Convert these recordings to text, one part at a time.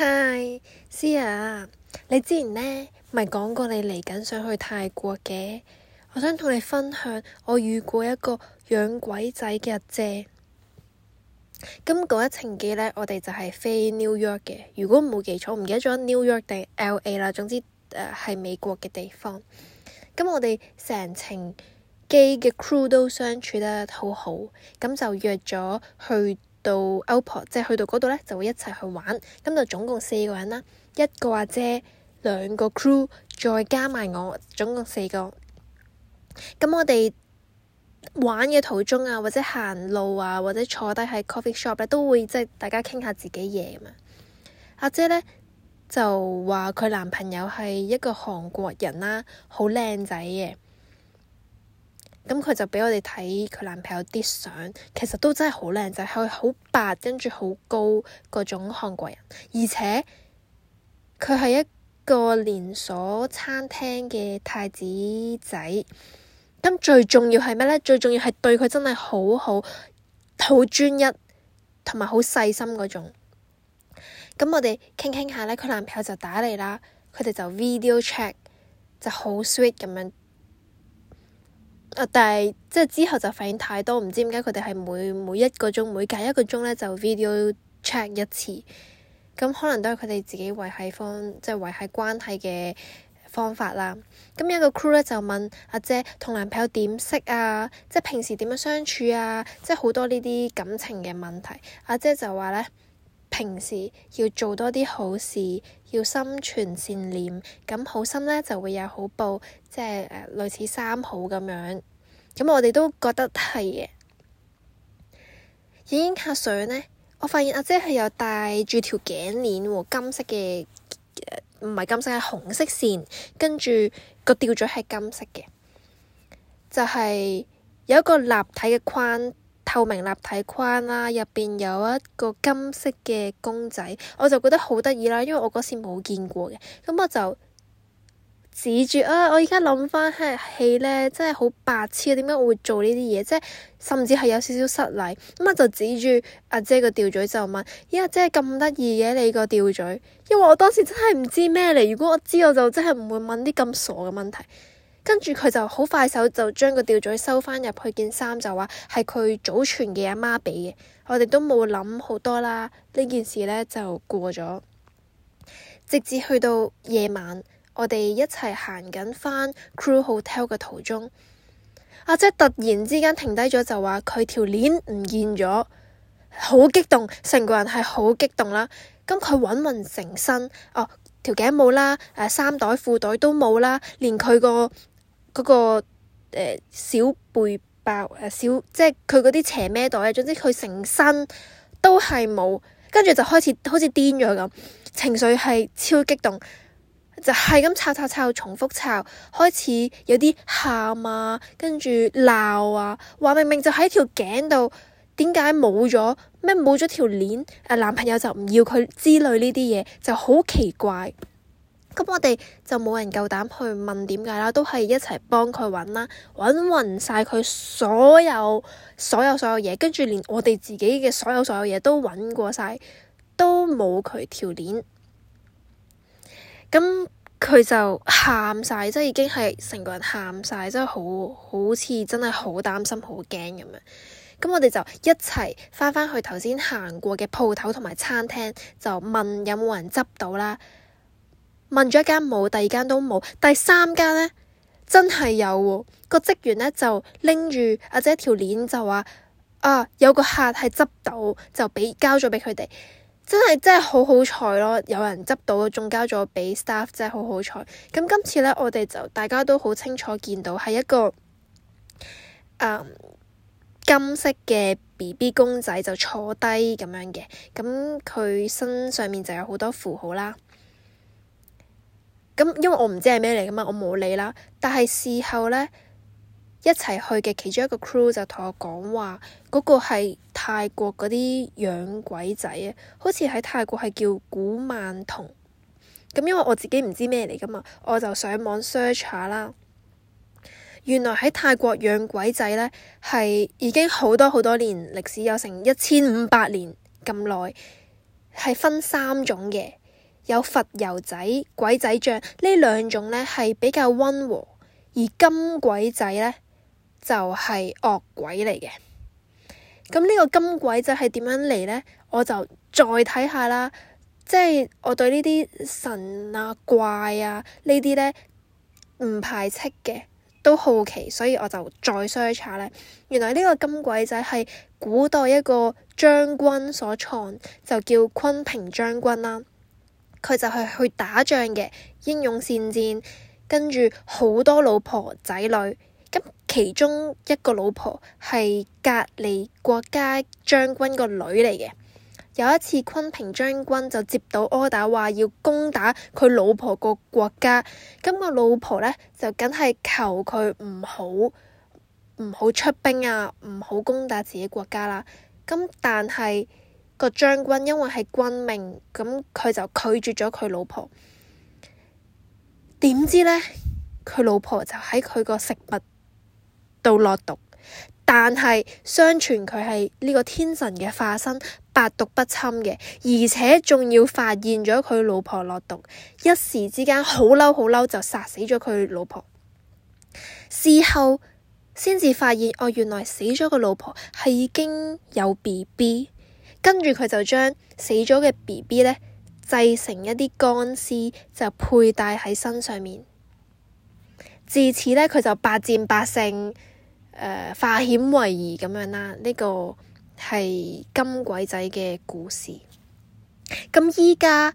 Hi，思雅，你之前咧咪講過你嚟緊想去泰國嘅？我想同你分享我遇過一個養鬼仔嘅阿姐。咁嗰一程機咧，我哋就係飛 New York 嘅。如果冇記錯，唔記得咗 New York 定 LA 啦。總之誒係、呃、美國嘅地方。咁我哋成程機嘅 crew 都相處得好好，咁就約咗去。到埗，即係去到嗰度咧，就會一齊去玩。咁就總共四個人啦，一個阿姐，姐，兩個 crew，再加埋我，總共四個。咁我哋玩嘅途中啊，或者行路啊，或者坐低喺 coffee shop 咧，都會即係大家傾下自己嘢嘛。阿姐咧就話佢男朋友係一個韓國人啦、啊，好靚仔嘅。咁佢就畀我哋睇佢男朋友啲相，其實都真係好靚仔，佢好白，跟住好高嗰種韓國人，而且佢係一個連鎖餐廳嘅太子仔。咁最重要係咩咧？最重要係對佢真係好好、好專一同埋好細心嗰種。咁我哋傾傾下咧，佢男朋友就打嚟啦，佢哋就 video check，就好 sweet 咁樣。但係即係之後就發現太多，唔知點解佢哋係每每一個鐘每隔一個鐘咧就 video check 一次，咁可能都係佢哋自己維繫方即係維繫關係嘅方法啦。咁有一個 crew 咧就問阿姐同男朋友點識啊？即係平時點樣相處啊，即係好多呢啲感情嘅問題。阿姐就話咧。平時要做多啲好事，要心存善念，咁好心咧就會有好報，即係誒、呃、類似三好咁樣。咁我哋都覺得係嘅。影影下相咧，我發現阿姐係有戴住條頸鏈喎，金色嘅，唔、呃、係金色，係紅色綫，跟住個吊墜係金色嘅，就係、是、有一個立體嘅框。透明立體框啦，啊，入邊有一個金色嘅公仔，我就覺得好得意啦，因為我嗰時冇見過嘅，咁我就指住啊，我而家諗翻起戲咧，真係好白痴，點解我會做呢啲嘢？即係甚至係有少少失禮，咁我就指住阿、啊、姐個吊嘴就問：，呀、啊，真係咁得意嘅你個吊嘴？因為我當時真係唔知咩嚟，如果我知，我就真係唔會問啲咁傻嘅問題。跟住佢就好快手就將個吊墜收翻入去件衫，就話係佢祖傳嘅阿媽畀嘅。我哋都冇諗好多啦，呢件事呢就過咗。直至去到夜晚，我哋一齊行緊翻 Crew Hotel 嘅途中，阿姐突然之間停低咗，就話佢條鏈唔見咗，好激動，成個人係好激動啦。咁佢揾勻成身，哦，條頸冇啦，誒、啊，衫袋褲袋都冇啦，連佢個。嗰、那個誒、呃、小背包誒、啊、小即係佢嗰啲斜孭袋啊，總之佢成身都係冇，跟住就開始好似癲咗咁，情緒係超激動，就係咁吵吵吵，重複吵，開始有啲喊啊，跟住鬧啊，話明明就喺條頸度，點解冇咗咩冇咗條鏈？誒、啊、男朋友就唔要佢之類呢啲嘢，就好奇怪。咁我哋就冇人夠膽去問點解啦，都係一齊幫佢揾啦，揾勻晒佢所有所有所有嘢，跟住連我哋自己嘅所有所有嘢都揾過晒，都冇佢條鏈。咁佢就喊晒，即係已經係成個人喊晒，即係好好似真係好擔心、好驚咁樣。咁我哋就一齊翻翻去頭先行過嘅鋪頭同埋餐廳，就問有冇人執到啦。問咗一間冇，第二間都冇，第三間咧，真係有喎、啊。個職員咧就拎住阿姐條鏈，就話：啊，有個客係執到，就畀交咗畀佢哋。真係真係好好彩咯！有人執到，仲交咗畀 staff，真係好好彩。咁今次咧，我哋就大家都好清楚見到係一個誒、嗯、金色嘅 BB 公仔就坐低咁樣嘅，咁佢身上面就有好多符號啦。咁，因為我唔知係咩嚟噶嘛，我冇理啦。但係事後咧，一齊去嘅其中一個 crew 就同我講話，嗰個係泰國嗰啲養鬼仔啊，好似喺泰國係叫古曼童。咁因為我自己唔知咩嚟噶嘛，我就上網 search 下啦。原來喺泰國養鬼仔咧，係已經好多好多年歷史，有成一千五百年咁耐，係分三種嘅。有佛油仔、鬼仔像呢兩種咧，係比較温和；而金鬼仔咧就係、是、惡鬼嚟嘅。咁呢個金鬼仔係點樣嚟咧？我就再睇下啦。即係我對呢啲神啊、怪啊呢啲咧唔排斥嘅，都好奇，所以我就再 search 下咧。原來呢個金鬼仔係古代一個將軍所創，就叫坤平將軍啦。佢就係去打仗嘅，英勇善戰，跟住好多老婆仔女。咁其中一個老婆係隔籬國家將軍個女嚟嘅。有一次，昆平將軍就接到柯 r d 話要攻打佢老婆個國家，咁個老婆咧就梗係求佢唔好唔好出兵啊，唔好攻打自己國家啦。咁但係。個將軍因為係軍命，咁佢就拒絕咗佢老婆。點知咧，佢老婆就喺佢個食物度落毒，但係相傳佢係呢個天神嘅化身，百毒不侵嘅，而且仲要發現咗佢老婆落毒，一時之間好嬲，好嬲就殺死咗佢老婆。事後先至發現，哦，原來死咗個老婆係已經有 BB。跟住佢就將死咗嘅 B B 咧，製成一啲乾屍，就佩戴喺身上面。自此咧，佢就百戰百勝，誒、呃、化險為夷咁樣啦。呢、這個係金鬼仔嘅故事。咁依家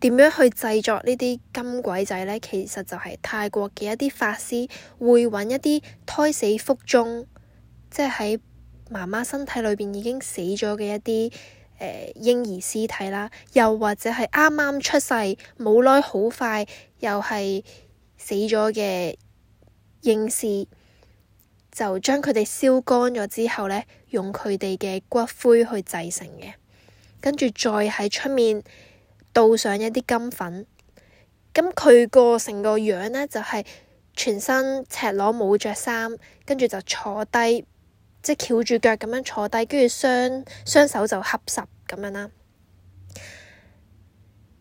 點樣去製作呢啲金鬼仔咧？其實就係泰國嘅一啲法師會揾一啲胎死腹中，即係喺。媽媽身體裏邊已經死咗嘅一啲誒、呃、嬰兒屍體啦，又或者係啱啱出世冇耐，好快又係死咗嘅嬰屍，就將佢哋燒乾咗之後咧，用佢哋嘅骨灰去製成嘅，跟住再喺出面倒上一啲金粉，咁佢個成個樣咧就係、是、全身赤裸冇着衫，跟住就坐低。即係翹住腳咁樣坐低，跟住雙雙手就合十咁樣啦。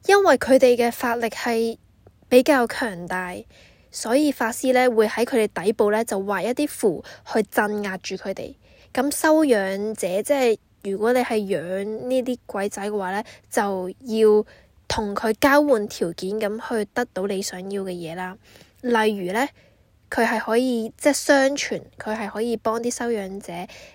因為佢哋嘅法力係比較強大，所以法師咧，會喺佢哋底部咧，就畫一啲符去鎮壓住佢哋。咁收養者，即係如果你係養呢啲鬼仔嘅話咧，就要同佢交換條件咁去得到你想要嘅嘢啦。例如咧。佢係可以，即係相傳，佢係可以幫啲收養者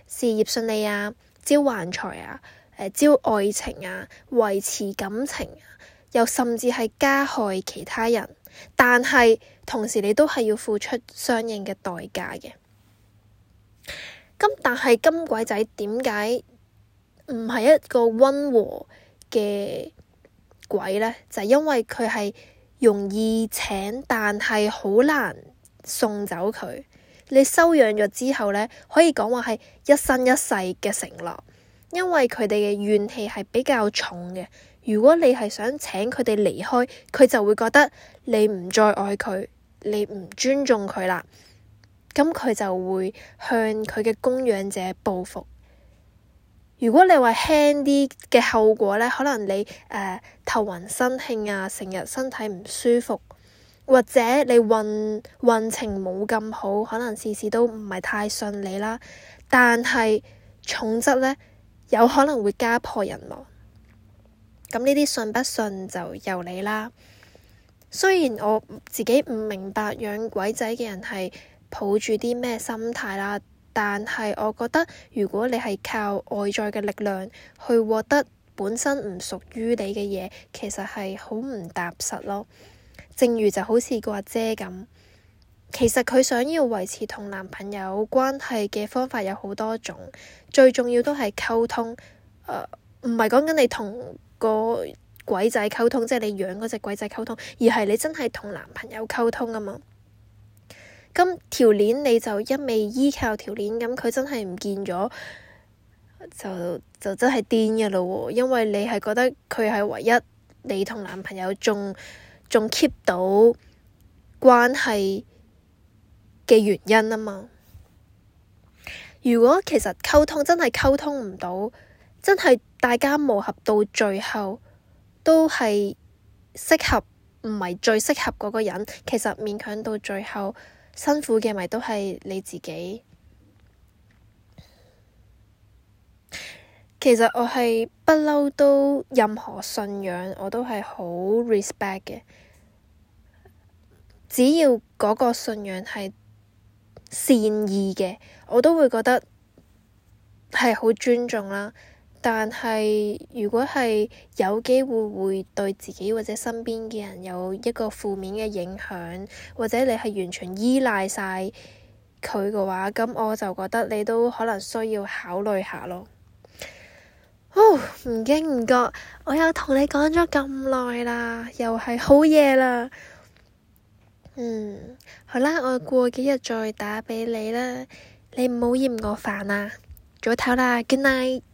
事業順利啊，招橫財啊，誒、呃，招愛情啊，維持感情啊，又甚至係加害其他人。但係同時你都係要付出相應嘅代價嘅。咁但係金鬼仔點解唔係一個溫和嘅鬼咧？就係因為佢係容易請，但係好難。送走佢，你收養咗之後咧，可以講話係一生一世嘅承諾，因為佢哋嘅怨氣係比較重嘅。如果你係想請佢哋離開，佢就會覺得你唔再愛佢，你唔尊重佢啦，咁佢就會向佢嘅供養者報復。如果你話輕啲嘅後果咧，可能你誒、頭暈身㷫啊，成日身體唔舒服。或者你運運程冇咁好，可能事事都唔係太順利啦。但係重則咧，有可能會家破人亡。咁呢啲信不信就由你啦。雖然我自己唔明白養鬼仔嘅人係抱住啲咩心態啦，但係我覺得如果你係靠外在嘅力量去獲得本身唔屬於你嘅嘢，其實係好唔踏實咯。正如就好似個阿姐咁，其實佢想要維持同男朋友關係嘅方法有好多種，最重要都係溝通。誒，唔係講緊你同個鬼仔溝通，即係你養嗰隻鬼仔溝通，而係你真係同男朋友溝通啊嘛。咁條鏈你就一味依靠條鏈，咁佢真係唔見咗，就就真係癲嘅啦。因為你係覺得佢係唯一你同男朋友仲。仲 keep 到關係嘅原因吖嘛？如果其實溝通真係溝通唔到，真係大家磨合到最後都係適合，唔係最適合嗰個人。其實勉強到最後辛苦嘅咪都係你自己。其實我係不嬲，都任何信仰我都係好 respect 嘅。只要嗰個信仰係善意嘅，我都會覺得係好尊重啦。但係如果係有機會會對自己或者身邊嘅人有一個負面嘅影響，或者你係完全依賴晒佢嘅話，咁我就覺得你都可能需要考慮下咯。唔、哦、唔經唔覺，我又同你講咗咁耐啦，又係好夜啦。嗯，好啦，我過幾日再打畀你啦。你唔好嫌我煩啊。早唞啦，Good night。